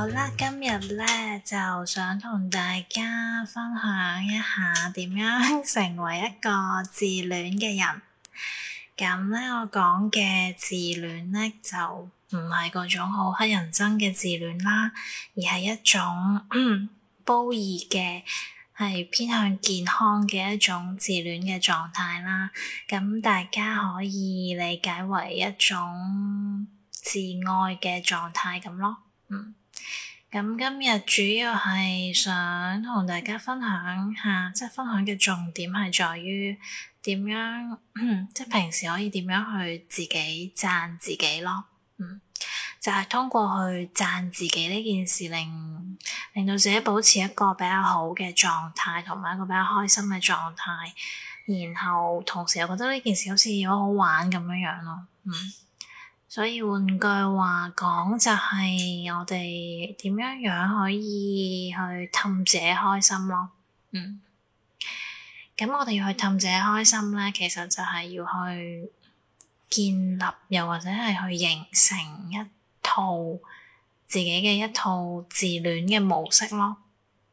好啦，今日咧就想同大家分享一下點樣成為一個自戀嘅人。咁咧，我講嘅自戀咧就唔係嗰種好乞人憎嘅自戀啦，而係一種褒義嘅，係 偏向健康嘅一種自戀嘅狀態啦。咁大家可以理解為一種自愛嘅狀態咁咯，嗯。咁今日主要係想同大家分享下，即係分享嘅重點係在於點樣，即係平時可以點樣去自己讚自己咯。嗯，就係通過去讚自己呢件事，令令到自己保持一個比較好嘅狀態，同埋一個比較開心嘅狀態。然後同時，又覺得呢件事好似好好玩咁樣樣咯。嗯。所以換句話講，就係我哋點樣樣可以去氹自己開心咯。嗯，咁我哋要去氹自己開心咧，其實就係要去建立又或者係去形成一套自己嘅一套自戀嘅模式咯。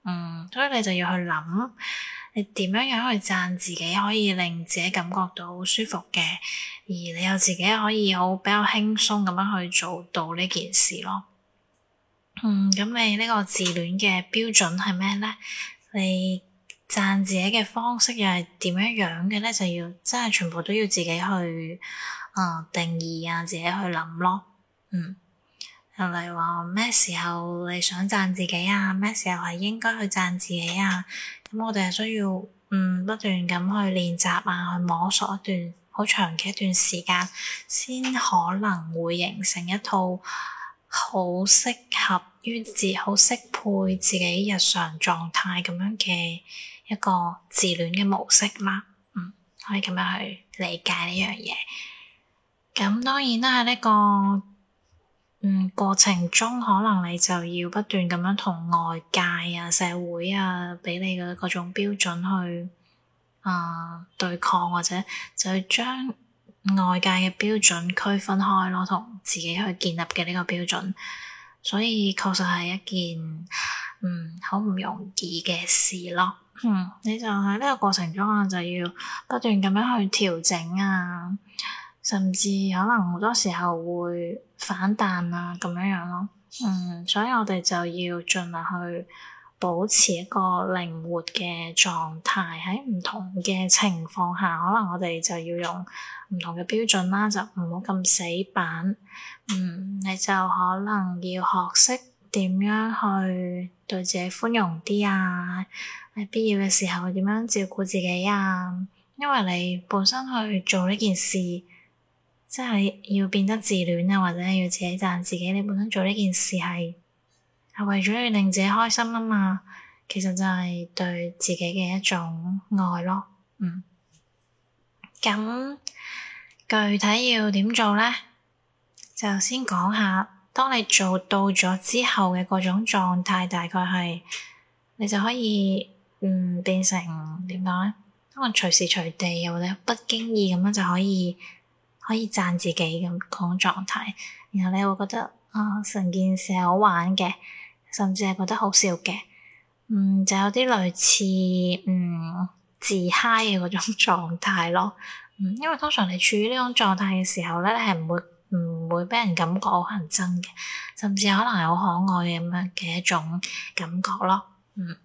嗯，所以你就要去諗。你點樣樣去讚自己，可以令自己感覺到好舒服嘅，而你又自己可以好比較輕鬆咁樣去做到呢件事咯。嗯，咁你呢個自戀嘅標準係咩咧？你讚自己嘅方式又係點樣樣嘅咧？就要真係全部都要自己去啊、呃、定義啊，自己去諗咯。嗯。例如話咩時候你想讚自己啊？咩時候係應該去讚自己啊？咁我哋係需要嗯不斷咁去練習啊，去摸索一段好長嘅一段時間，先可能會形成一套好適合於自好適配自己日常狀態咁樣嘅一個自戀嘅模式啦。嗯，可以咁樣去理解呢樣嘢。咁當然啦，呢、呢個。嗯，過程中可能你就要不斷咁樣同外界啊、社會啊，俾你嘅各種標準去啊、呃、對抗，或者就去將外界嘅標準區分開咯，同自己去建立嘅呢個標準。所以確實係一件嗯好唔容易嘅事咯。嗯，你就喺呢個過程中啊，就要不斷咁樣去調整啊，甚至可能好多時候會。反彈啊，咁樣樣咯。嗯，所以我哋就要盡量去保持一個靈活嘅狀態。喺唔同嘅情況下，可能我哋就要用唔同嘅標準啦，就唔好咁死板。嗯，你就可能要學識點樣去對自己寬容啲啊。喺必要嘅時候，點樣照顧自己啊？因為你本身去做呢件事。即係要變得自戀啊，或者要自己讚自己。你本身做呢件事係係為咗要令自己開心啊嘛，其實就係對自己嘅一種愛咯。嗯，咁具體要點做咧？就先講下，當你做到咗之後嘅各種狀態，大概係你就可以嗯變成點講咧？可能隨時隨地又或者不經意咁樣就可以。可以讚自己咁嗰種狀態，然後你會覺得啊，成、哦、件事係好玩嘅，甚至係覺得好笑嘅，嗯，就有啲類似嗯自嗨嘅嗰種狀態咯。嗯，因為通常你處於呢種狀態嘅時候咧，你係唔會唔會俾人感覺好認真嘅，甚至可能係好可愛咁樣嘅一種感覺咯，嗯。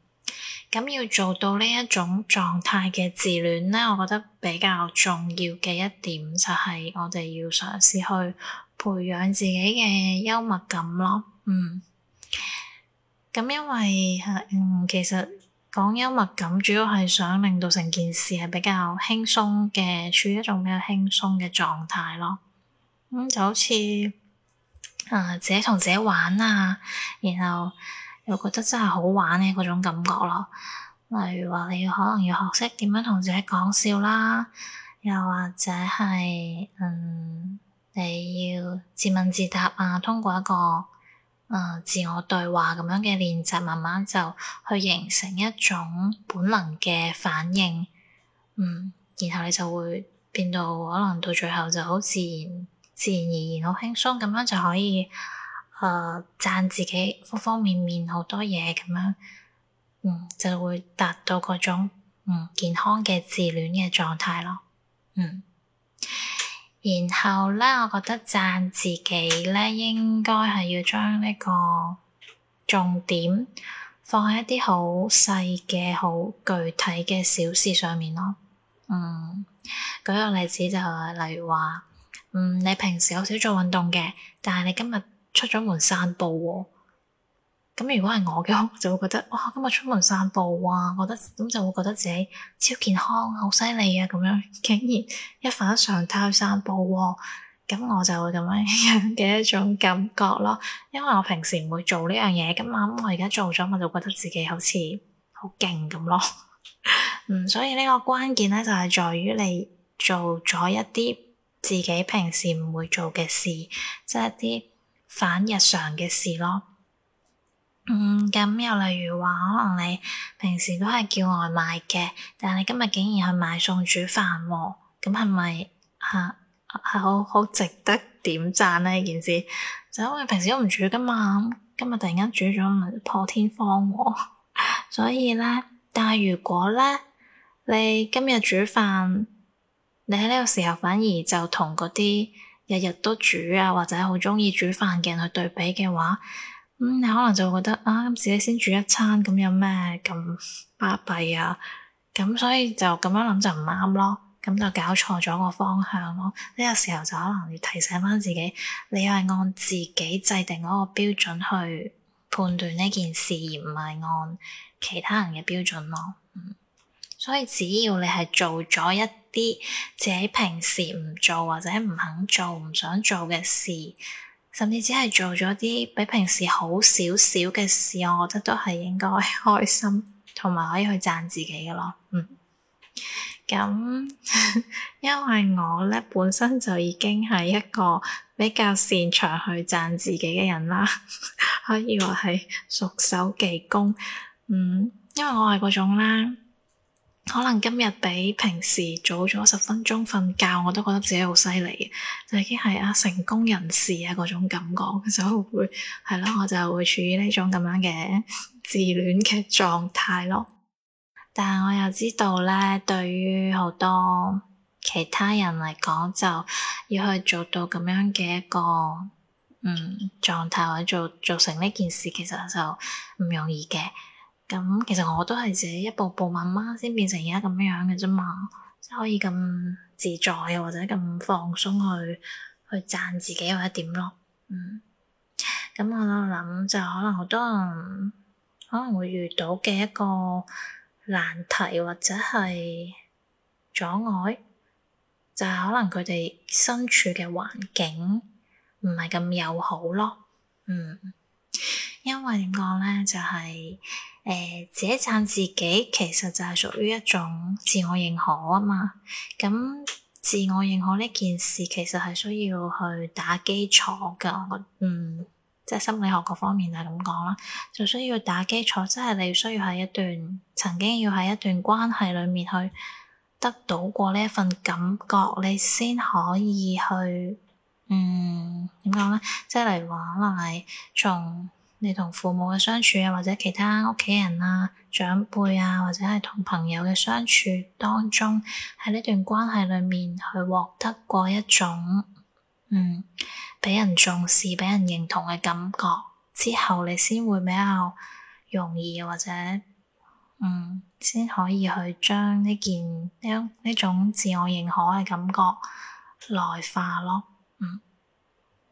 咁要做到呢一種狀態嘅自戀咧，我覺得比較重要嘅一點就係、是、我哋要嘗試去培養自己嘅幽默感咯。嗯，咁因為嗯其實講幽默感，主要係想令到成件事係比較輕鬆嘅，處於一種比較輕鬆嘅狀態咯。咁、嗯、就好似啊、呃，自己同自己玩啊，然後。又覺得真係好玩嘅嗰種感覺咯。例如話，你要可能要學識點樣同自己講笑啦，又或者係嗯，你要自問自答啊，通過一個誒、呃、自我對話咁樣嘅練習，慢慢就去形成一種本能嘅反應，嗯，然後你就會變到可能到最後就好自然、自然而然好輕鬆咁樣就可以。呃，讚自己方方面面好多嘢咁樣，嗯，就會達到嗰種唔、嗯、健康嘅自戀嘅狀態咯。嗯，然後咧，我覺得讚自己咧，應該係要將呢個重點放喺一啲好細嘅、好具體嘅小事上面咯。嗯，舉個例子就係、例如話，嗯，你平時好少做運動嘅，但係你今日。出咗門散步喎、哦，咁如果係我嘅話，我就會覺得哇，今日出門散步啊，我覺得咁就會覺得自己超健康，好犀利啊，咁樣竟然一反常態散步喎、哦，咁我就會咁樣嘅一種感覺咯。因為我平時唔會做呢樣嘢，咁啊我而家做咗，我就覺得自己好似好勁咁咯。 嗯，所以呢個關鍵咧就係、是、在於你做咗一啲自己平時唔會做嘅事，即係一啲。反日常嘅事咯，嗯，咁又例如話，可能你平時都係叫外賣嘅，但係你今日竟然去買餸煮飯喎、啊，咁係咪嚇係好好值得點讚呢件事，就因為平時都唔煮噶嘛，今日突然間煮咗咪、就是、破天荒喎、啊，所以咧，但係如果咧，你今日煮飯，你喺呢個時候反而就同嗰啲。日日都煮啊，或者好中意煮飯嘅人去對比嘅話，咁，嗯，你可能就會覺得啊，自己先煮一餐咁有咩咁巴閉啊？咁所以就咁樣諗就唔啱咯，咁就搞錯咗個方向咯。呢個時候就可能要提醒翻自己，你係按自己制定嗰個標準去判斷呢件事，而唔係按其他人嘅標準咯。所以只要你係做咗一啲自己平時唔做或者唔肯做、唔想做嘅事，甚至只係做咗啲比平時好少少嘅事，我覺得都係應該開心，同埋可以去讚自己嘅咯。嗯，咁因為我呢本身就已經係一個比較擅長去讚自己嘅人啦，可以話係熟手技工。嗯，因為我係嗰種啦。可能今日比平時早咗十分鐘瞓覺，我都覺得自己好犀利，就已經係啊成功人士啊嗰種感覺，其實就會係咯，我就會處於呢種咁樣嘅自戀嘅狀態咯。但係我又知道咧，對於好多其他人嚟講，就要去做到咁樣嘅一個嗯狀態，或者做做成呢件事，其實就唔容易嘅。咁其實我都係自己一步步慢慢先變成而家咁樣嘅啫嘛，即係可以咁自在嘅或者咁放鬆去去讚自己或者點咯，嗯。咁我諗就可能好多人可能會遇到嘅一個難題或者係阻礙，就係、是、可能佢哋身處嘅環境唔係咁友好咯，嗯。因為點講咧，就係、是、誒、呃、自己讚自己，其實就係屬於一種自我認可啊嘛。咁自我認可呢件事，其實係需要去打基礎噶。我覺得，嗯，即係心理學嗰方面就係咁講啦，就需要打基礎，即、就、係、是、你需要喺一段曾經要喺一段關係裏面去得到過呢一份感覺，你先可以去嗯點講咧，即係例如話可能係從。你同父母嘅相處啊，或者其他屋企人啊、長輩啊，或者係同朋友嘅相處當中，喺呢段關係裏面去獲得過一種，嗯，畀人重視、畀人認同嘅感覺，之後你先會比較容易或者，嗯，先可以去將呢件呢呢種自我認可嘅感覺內化咯，嗯，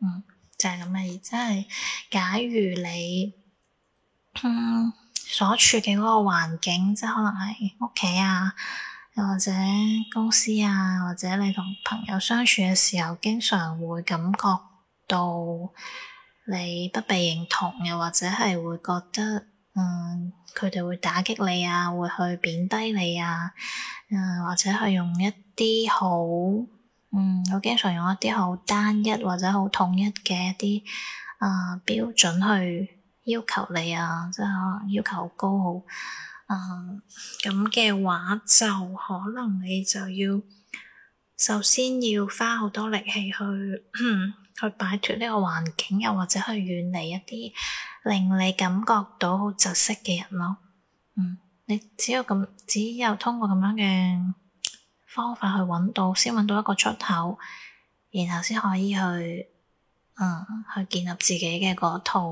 嗯。就係咁嘅，即係假如你，嗯，所處嘅嗰個環境，即係可能係屋企啊，又或者公司啊，或者你同朋友相處嘅時候，經常會感覺到你不被認同，又或者係會覺得，嗯，佢哋會打擊你啊，會去貶低你啊，誒，嗯，或者係用一啲好。嗯，我經常用一啲好單一或者好統一嘅一啲啊、呃、標準去要求你啊，即係可能要求好高好。誒咁嘅話，就可能你就要首先要花好多力氣去去擺脫呢個環境，又或者去遠離一啲令你感覺到好窒息嘅人咯。嗯、呃，你只有咁，只有通過咁樣嘅。方法去揾到，先揾到一個出口，然後先可以去，嗯，去建立自己嘅嗰套，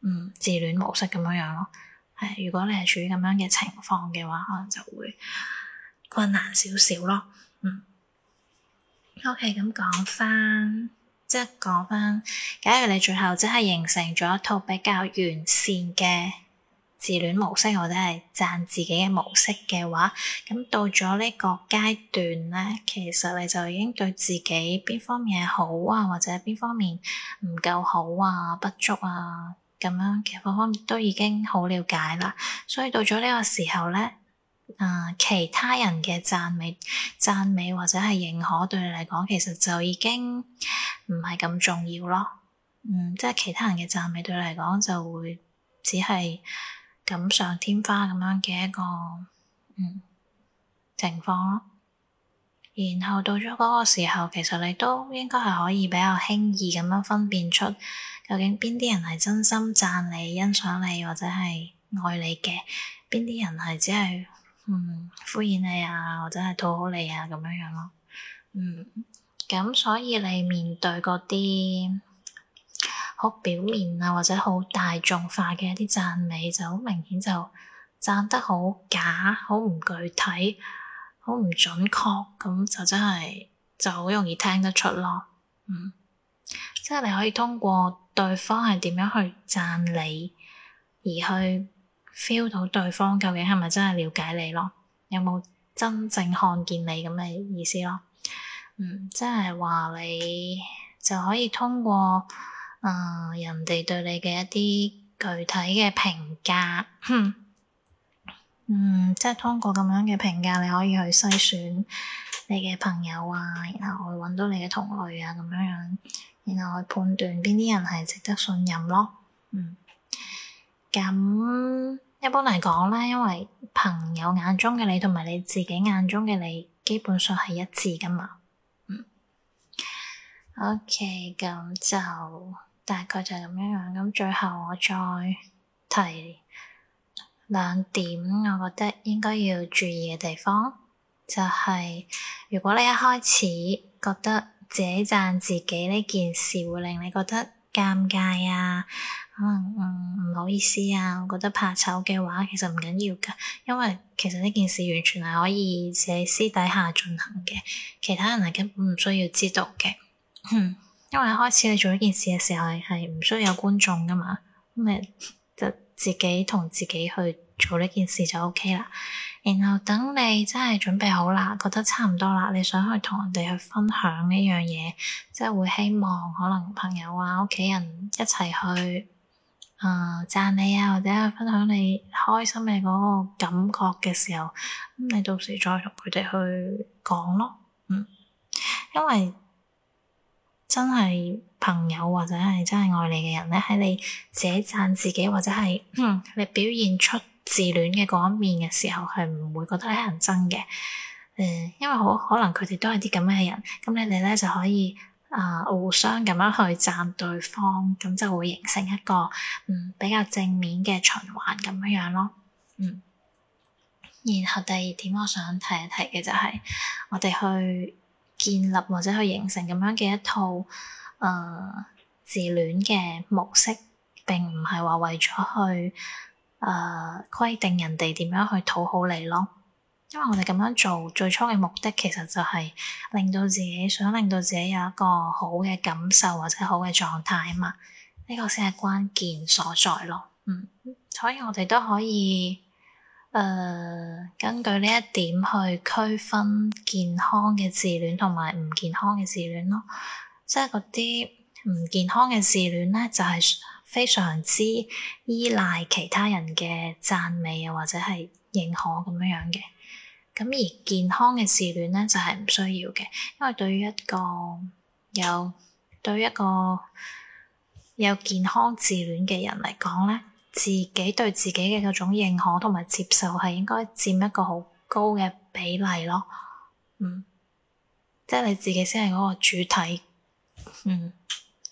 嗯，自戀模式咁樣樣咯。係，哎，如果你係處於咁樣嘅情況嘅話，可能就會困難少少咯。嗯。OK，咁講返，即係講返，假如你最後真係形成咗一套比較完善嘅。自戀模式或者係讚自己嘅模式嘅話，咁到咗呢個階段咧，其實你就已經對自己邊方面係好啊，或者邊方面唔夠好啊、不足啊咁樣，其實各方面都已經好了解啦。所以到咗呢個時候咧，啊、呃、其他人嘅讚美、讚美或者係認可對你嚟講，其實就已經唔係咁重要咯。嗯，即係其他人嘅讚美對你嚟講就會只係。錦上添花咁樣嘅一個嗯，情況咯，然後到咗嗰個時候，其實你都應該係可以比較輕易咁樣分辨出究竟邊啲人係真心讚你、欣賞你或者係愛你嘅，邊啲人係只係嗯，敷衍你啊或者係討好你啊咁樣樣咯。嗯，咁所以你面對嗰啲。好表面啊，或者好大眾化嘅一啲讚美就好明顯，就讚得好假，好唔具體，好唔準確，咁就真係就好容易聽得出咯。嗯，即係你可以通過對方係點樣去讚你，而去 feel 到對方究竟係咪真係了解你咯，有冇真正看見你咁嘅意思咯？嗯，即係話你就可以通過。呃，人哋對你嘅一啲具體嘅評價，嗯，即係通過咁樣嘅評價，你可以去篩選你嘅朋友啊，然後去揾到你嘅同類啊，咁樣樣，然後去判斷邊啲人係值得信任咯。嗯，咁一般嚟講咧，因為朋友眼中嘅你同埋你自己眼中嘅你，基本上係一致噶嘛。嗯。OK，咁就。大概就係咁樣樣，咁最後我再提兩點，我覺得應該要注意嘅地方，就係如果你一開始覺得自己讚自己呢件事會令你覺得尷尬啊，可能唔、嗯、唔好意思啊，我覺得怕醜嘅話，其實唔緊要噶，因為其實呢件事完全係可以自己私底下進行嘅，其他人係根本唔需要知道嘅。因為開始你做呢件事嘅時候係唔需要有觀眾㗎嘛，咁你就自己同自己去做呢件事就 OK 啦。然後等你真係準備好啦，覺得差唔多啦，你想去同人哋去分享呢樣嘢，即係會希望可能朋友啊、屋企人一齊去，誒、呃、讚你啊，或者分享你開心嘅嗰個感覺嘅時候，咁你到時再同佢哋去講咯，嗯，因為。真係朋友或者係真係愛你嘅人咧，喺你自己讚自己或者係、嗯、你表現出自戀嘅嗰一面嘅時候，係唔會覺得係人憎嘅。誒、嗯，因為好可能佢哋都係啲咁嘅人，咁你哋咧就可以啊、呃、互相咁樣去讚對方，咁就會形成一個嗯比較正面嘅循環咁樣樣咯。嗯，然後第二點我想提一提嘅就係、是、我哋去。建立或者去形成咁樣嘅一套誒、呃、自戀嘅模式，並唔係話為咗去誒、呃、規定人哋點樣去討好你咯。因為我哋咁樣做最初嘅目的，其實就係令到自己想令到自己有一個好嘅感受或者好嘅狀態啊嘛。呢、這個先係關鍵所在咯。嗯，所以我哋都可以。誒，uh, 根據呢一點去區分健康嘅自戀同埋唔健康嘅自戀咯，即係嗰啲唔健康嘅自戀咧，就係非常之依賴其他人嘅讚美啊，或者係認可咁樣樣嘅。咁而健康嘅自戀咧，就係唔需要嘅，因為對於一個有對於一個有健康自戀嘅人嚟講咧，自己對自己嘅嗰種認可同埋接受係應該佔一個好高嘅比例咯，嗯，即係你自己先係嗰個主體，嗯，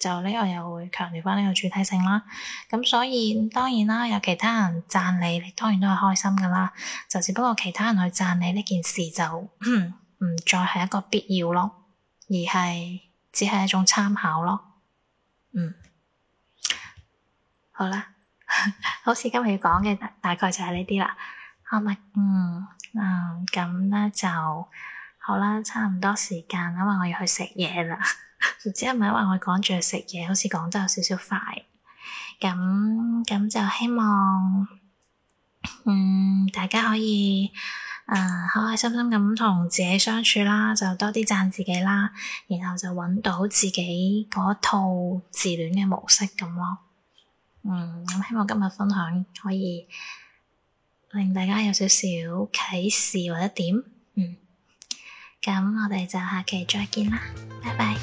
就呢個又會強調返呢個主體性啦。咁所以當然啦，有其他人讚你，你當然都係開心㗎喇。就只不過其他人去讚你呢件事就唔、嗯、再係一個必要咯，而係只係一種參考咯，嗯，好啦。 好似今日要講嘅大，大概就係呢啲啦，好咪？嗯啊咁咧就好啦，差唔多時間，因為我要去食嘢啦，唔知係咪因為我趕住去食嘢，好似講得有少少快。咁咁就希望嗯大家可以啊開開心心咁同自己相處啦，就多啲讚自己啦，然後就揾到自己嗰套自戀嘅模式咁咯。嗯，咁希望今日分享可以令大家有少少啟示或者點，嗯，咁我哋就下期再見啦，拜拜。